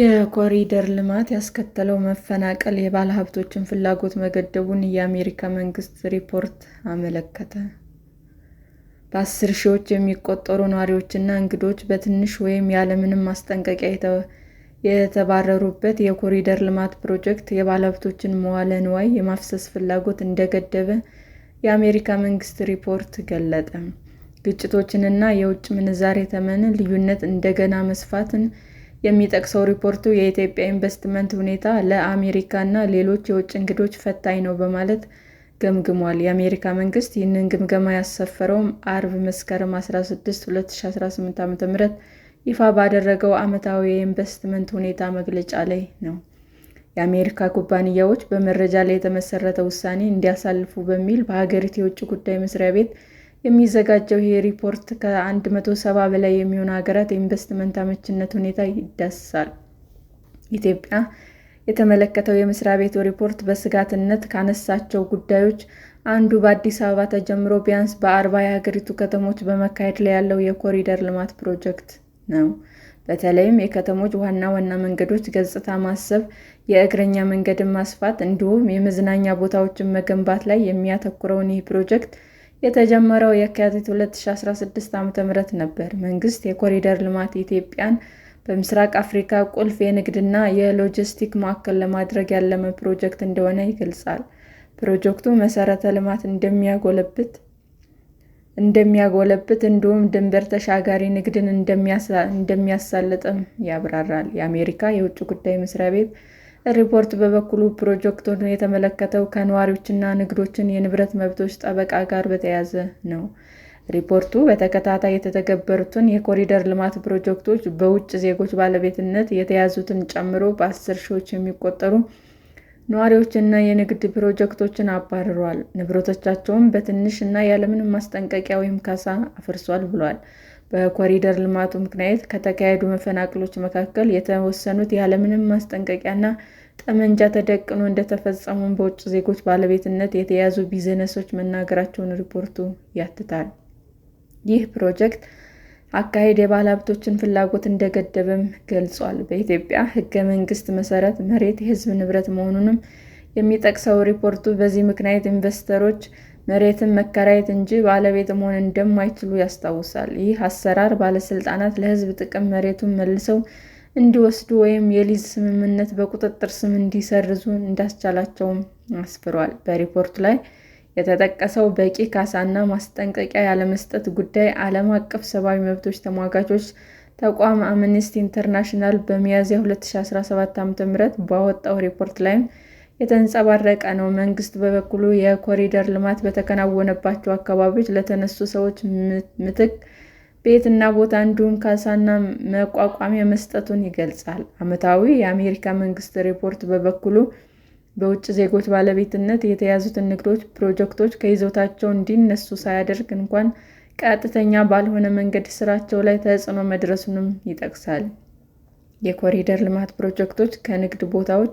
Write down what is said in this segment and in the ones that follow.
የኮሪደር ልማት ያስከተለው መፈናቀል የባለሀብቶችን ፍላጎት መገደቡን የአሜሪካ መንግስት ሪፖርት አመለከተ። በአስር ሺዎች የሚቆጠሩ ነዋሪዎችና እንግዶች በትንሽ ወይም ያለምንም ማስጠንቀቂያ የተባረሩበት የኮሪደር ልማት ፕሮጀክት የባለሀብቶችን መዋለ ንዋይ የማፍሰስ ፍላጎት እንደገደበ የአሜሪካ መንግስት ሪፖርት ገለጠ። ግጭቶችንና የውጭ ምንዛሬ ተመን ልዩነት እንደገና መስፋትን የሚጠቅሰው ሪፖርቱ የኢትዮጵያ ኢንቨስትመንት ሁኔታ ለአሜሪካና ሌሎች የውጭ እንግዶች ፈታኝ ነው በማለት ገምግሟል። የአሜሪካ መንግስት ይህንን ግምገማ ያሰፈረውም አርብ መስከረም 16 2018 ዓ.ም ይፋ ባደረገው ዓመታዊ የኢንቨስትመንት ሁኔታ መግለጫ ላይ ነው። የአሜሪካ ኩባንያዎች በመረጃ ላይ የተመሰረተ ውሳኔ እንዲያሳልፉ በሚል በሀገሪቱ የውጭ ጉዳይ መስሪያ ቤት የሚዘጋጀው ይህ ሪፖርት ከአንድ መቶ ሰባ በላይ የሚሆኑ ሀገራት የኢንቨስትመንት አመችነት ሁኔታ ይዳስሳል። ኢትዮጵያ የተመለከተው የመስሪያ ቤቱ ሪፖርት በስጋትነት ካነሳቸው ጉዳዮች አንዱ በአዲስ አበባ ተጀምሮ ቢያንስ በአርባ የሀገሪቱ ከተሞች በመካሄድ ላይ ያለው የኮሪደር ልማት ፕሮጀክት ነው። በተለይም የከተሞች ዋና ዋና መንገዶች ገጽታ ማሰብ፣ የእግረኛ መንገድን ማስፋት እንዲሁም የመዝናኛ ቦታዎችን መገንባት ላይ የሚያተኩረውን ይህ ፕሮጀክት የተጀመረው የካቲት 2016 ዓ.ም ነበር። መንግስት የኮሪደር ልማት ኢትዮጵያን በምስራቅ አፍሪካ ቁልፍ የንግድና የሎጂስቲክ ማዕከል ለማድረግ ያለመ ፕሮጀክት እንደሆነ ይገልጻል። ፕሮጀክቱ መሠረተ ልማት እንደሚያጎለብት እንዲሁም ድንበር ተሻጋሪ ንግድን እንደሚያሳልጥም ያብራራል። የአሜሪካ የውጭ ጉዳይ መስሪያ ቤት ሪፖርት በበኩሉ ፕሮጀክቱን የተመለከተው ከነዋሪዎችና ንግዶችን የንብረት መብቶች ጠበቃ ጋር በተያያዘ ነው። ሪፖርቱ በተከታታይ የተተገበሩትን የኮሪደር ልማት ፕሮጀክቶች በውጭ ዜጎች ባለቤትነት የተያዙትን ጨምሮ በአስር ሺዎች የሚቆጠሩ ነዋሪዎችና የንግድ ፕሮጀክቶችን አባርሯል፣ ንብረቶቻቸውን በትንሽ እና ያለምንም ማስጠንቀቂያ ወይም ካሳ አፍርሷል ብሏል። በኮሪደር ልማቱ ምክንያት ከተካሄዱ መፈናቅሎች መካከል የተወሰኑት ያለምንም ማስጠንቀቂያና ጠመንጃ ተደቅኖ እንደተፈጸሙ በውጭ ዜጎች ባለቤትነት የተያዙ ቢዝነሶች መናገራቸውን ሪፖርቱ ያትታል። ይህ ፕሮጀክት አካሄድ የባለ ሀብቶችን ፍላጎት እንደገደበም ገልጿል። በኢትዮጵያ ሕገ መንግስት መሰረት መሬት የሕዝብ ንብረት መሆኑንም የሚጠቅሰው ሪፖርቱ በዚህ ምክንያት ኢንቨስተሮች መሬትን መከራየት እንጂ ባለቤት መሆን እንደማይችሉ ያስታውሳል። ይህ አሰራር ባለስልጣናት ለህዝብ ጥቅም መሬቱን መልሰው እንዲወስዱ ወይም የሊዝ ስምምነት በቁጥጥር ስም እንዲሰርዙ እንዳስቻላቸውም አስፍሯል። በሪፖርቱ ላይ የተጠቀሰው በቂ ካሳና ማስጠንቀቂያ ያለመስጠት ጉዳይ ዓለም አቀፍ ሰብአዊ መብቶች ተሟጋቾች ተቋም አምነስቲ ኢንተርናሽናል በሚያዝያ 2017 ዓ.ም ባወጣው ሪፖርት ላይም የተንጸባረቀ ነው። መንግስት በበኩሉ የኮሪደር ልማት በተከናወነባቸው አካባቢዎች ለተነሱ ሰዎች ምትክ ቤትና ቦታ እንዲሁም ካሳና መቋቋሚያ መስጠቱን ይገልጻል። ዓመታዊ የአሜሪካ መንግስት ሪፖርት በበኩሉ በውጭ ዜጎች ባለቤትነት የተያዙትን ንግዶች ፕሮጀክቶች ከይዞታቸው እንዲነሱ ሳያደርግ እንኳን ቀጥተኛ ባልሆነ መንገድ ስራቸው ላይ ተጽዕኖ መድረሱንም ይጠቅሳል። የኮሪደር ልማት ፕሮጀክቶች ከንግድ ቦታዎች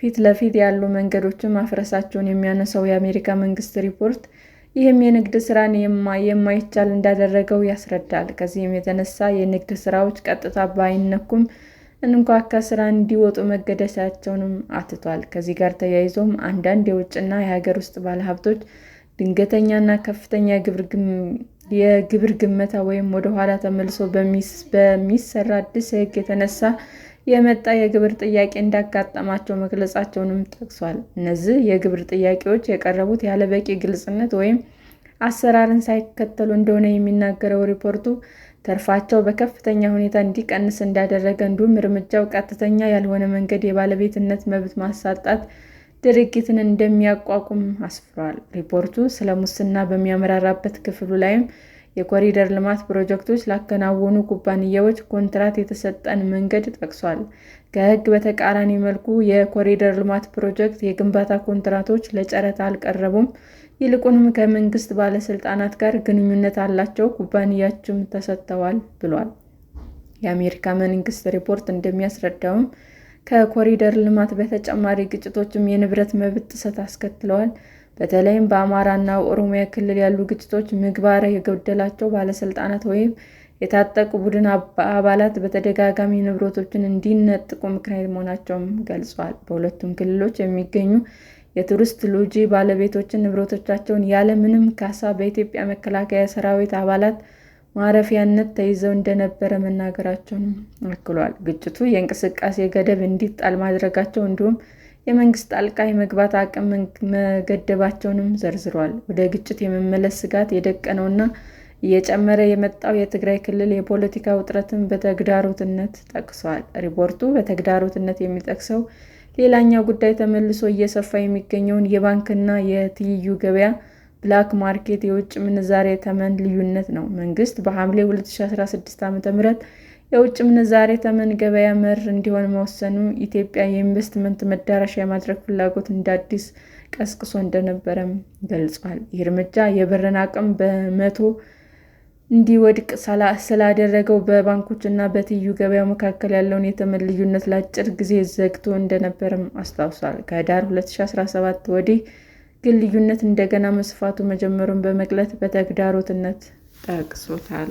ፊት ለፊት ያሉ መንገዶችን ማፍረሳቸውን የሚያነሳው የአሜሪካ መንግስት ሪፖርት ይህም የንግድ ስራን የማይቻል እንዳደረገው ያስረዳል። ከዚህም የተነሳ የንግድ ስራዎች ቀጥታ ባይነኩም እንኳ ከስራ እንዲወጡ መገደዳቸውንም አትቷል። ከዚህ ጋር ተያይዞም አንዳንድ የውጭና የሀገር ውስጥ ባለሀብቶች ድንገተኛና ከፍተኛ የግብር ግመታ ወይም ወደኋላ ተመልሶ በሚሰራ አዲስ ህግ የተነሳ የመጣ የግብር ጥያቄ እንዳጋጠማቸው መግለጻቸውንም ጠቅሷል። እነዚህ የግብር ጥያቄዎች የቀረቡት ያለ በቂ ግልጽነት ወይም አሰራርን ሳይከተሉ እንደሆነ የሚናገረው ሪፖርቱ ተርፋቸው በከፍተኛ ሁኔታ እንዲቀንስ እንዳደረገ እንዲሁም እርምጃው ቀጥተኛ ያልሆነ መንገድ የባለቤትነት መብት ማሳጣት ድርጊትን እንደሚያቋቁም አስፍሯል። ሪፖርቱ ስለ ሙስና በሚያመራራበት ክፍሉ ላይም የኮሪደር ልማት ፕሮጀክቶች ላከናወኑ ኩባንያዎች ኮንትራት የተሰጠን መንገድ ጠቅሷል። ከሕግ በተቃራኒ መልኩ የኮሪደር ልማት ፕሮጀክት የግንባታ ኮንትራቶች ለጨረታ አልቀረቡም፣ ይልቁንም ከመንግስት ባለስልጣናት ጋር ግንኙነት አላቸው፣ ኩባንያዎችም ተሰጥተዋል ብሏል። የአሜሪካ መንግስት ሪፖርት እንደሚያስረዳውም ከኮሪደር ልማት በተጨማሪ ግጭቶችም የንብረት መብት ጥሰት አስከትለዋል። በተለይም በአማራና ኦሮሚያ ክልል ያሉ ግጭቶች ምግባር የጎደላቸው ባለስልጣናት ወይም የታጠቁ ቡድን አባላት በተደጋጋሚ ንብረቶችን እንዲነጥቁ ምክንያት መሆናቸውም ገልጿል። በሁለቱም ክልሎች የሚገኙ የቱሪስት ሎጂ ባለቤቶችን ንብረቶቻቸውን ያለ ምንም ካሳ በኢትዮጵያ መከላከያ ሰራዊት አባላት ማረፊያነት ተይዘው እንደነበረ መናገራቸውን አክሏል። ግጭቱ የእንቅስቃሴ ገደብ እንዲጣል ማድረጋቸው እንዲሁም የመንግስት ጣልቃ የመግባት አቅም መገደባቸውንም ዘርዝሯል። ወደ ግጭት የመመለስ ስጋት የደቀነውና እየጨመረ የመጣው የትግራይ ክልል የፖለቲካ ውጥረትን በተግዳሮትነት ጠቅሷል። ሪፖርቱ በተግዳሮትነት የሚጠቅሰው ሌላኛው ጉዳይ ተመልሶ እየሰፋ የሚገኘውን የባንክና የትይዩ ገበያ ብላክ ማርኬት የውጭ ምንዛሬ ተመን ልዩነት ነው። መንግስት በሐምሌ 2016 ዓ.ም የውጭ ምንዛሬ ተመን ገበያ መር እንዲሆን መወሰኑ ኢትዮጵያ የኢንቨስትመንት መዳረሻ የማድረግ ፍላጎት እንደ አዲስ ቀስቅሶ እንደነበረም ገልጿል። ይህ እርምጃ የብርን አቅም በመቶ እንዲወድቅ ስላደረገው በባንኮች እና በትይዩ ገበያ መካከል ያለውን የተመን ልዩነት ለአጭር ጊዜ ዘግቶ እንደነበረም አስታውሷል። ከዳር 2017 ወዲህ ግን ልዩነት እንደገና መስፋቱ መጀመሩን በመግለጽ በተግዳሮትነት ጠቅሶታል።